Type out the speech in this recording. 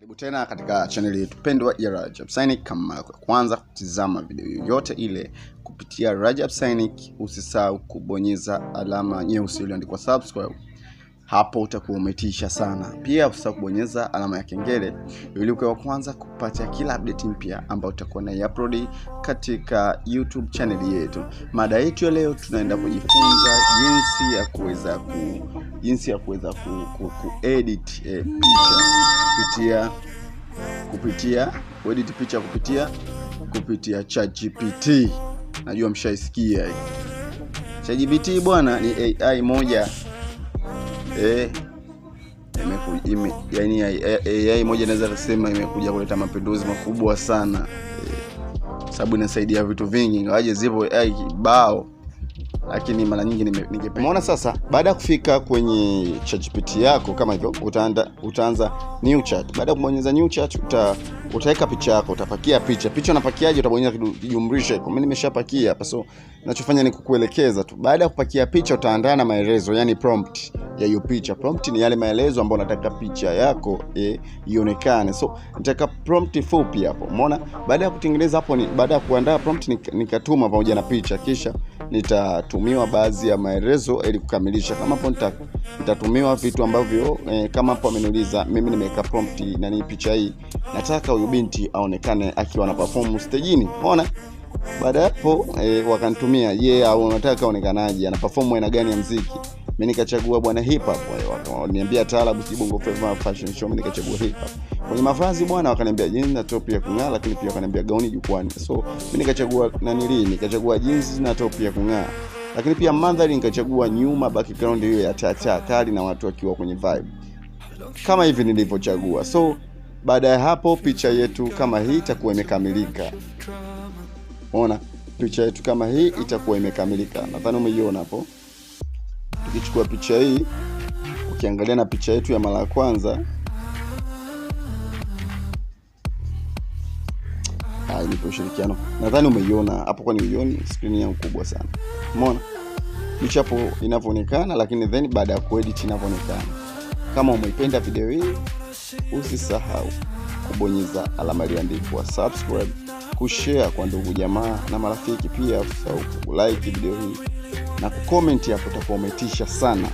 Karibu tena katika chaneli yetu pendwa ya Rajab Synic. Kama mara ya kwanza kutizama video yoyote ile kupitia Rajab Synic, usisahau kubonyeza alama nyeusi iliyoandikwa subscribe hapo utakuwa umetisha sana. Pia usisahau kubonyeza alama ya kengele ili uwe wa kwanza kupata kila update mpya ambayo utakuwa na upload katika YouTube channel yetu. Mada yetu ya leo tunaenda kujifunza jinsi ya kuweza ku jinsi ya kuweza ku, ku, ku edit eh, picha kupitia kupitia edit picha kupitia kupitia ChatGPT. Najua mshaisikia hii. ChatGPT bwana ni AI moja Eh. yani AI moja naweza kusema imekuja kuleta mapinduzi makubwa sana eh, sababu inasaidia vitu vingi, ingawaje zipo AI kibao lakini mara nyingi nimeona Sasa baada ya kufika kwenye ChatGPT yako kama hivyo, utaanza utaanza new chat. Baada ya kubonyeza new chat, uta utaweka picha yako, utapakia picha. Picha unapakiaje? Utabonyeza kijumlisha iko, mimi nimeshapakia hapa, so nachofanya ni kukuelekeza tu. Baada ya kupakia picha, utaandaa na maelezo, yani prompt ya hiyo picha. Prompt ni yale maelezo ambayo nataka picha yako e, ionekane. So nitaka prompt fupi hapo, umeona. Baada ya kutengeneza hapo ni baada ya kuandaa prompt nikatuma ni pamoja na picha, kisha nitatumiwa baadhi ya maelezo ili kukamilisha. Kama hapo nitatumiwa vitu ambavyo e, kama hapo ameniuliza mimi nimeweka prompt na ni picha hii, nataka huyu binti aonekane akiwa na perform stejini, umeona. Baada hapo e, wakanitumia yeye, yeah, au unataka aonekanaje, ana perform aina gani ya mziki mi nikachagua bwana hip hop wakaniambia taarabu si bongo flava fashion show mi nikachagua hip hop kwenye mavazi bwana wakaniambia jeans na topi ya kung'aa lakini pia wakaniambia gauni jukwani so mi nikachagua nanilii nikachagua jeans na topi ya kung'aa lakini pia mandhari nikachagua nyuma background hiyo ya tata kali na watu wakiwa kwenye vibe kama hivi nilivyochagua so baada ya hapo picha yetu kama hii itakuwa imekamilika ona picha yetu kama hii itakuwa imekamilika nadhani umeiona hapo ukichukua picha hii ukiangalia na picha yetu ya mara ya kwanza nipe ushirikiano nadhani umeiona hapo kwani uioni skrini yangu kubwa sana umeona picha hapo inavyoonekana lakini then baada ya kuedit inavyoonekana kama umeipenda video hii usisahau kubonyeza alama iliandikwa subscribe kushare kwa ndugu jamaa na marafiki pia usisahau kulike video hii na kukomenti hapo, utakuwa umetisha sana.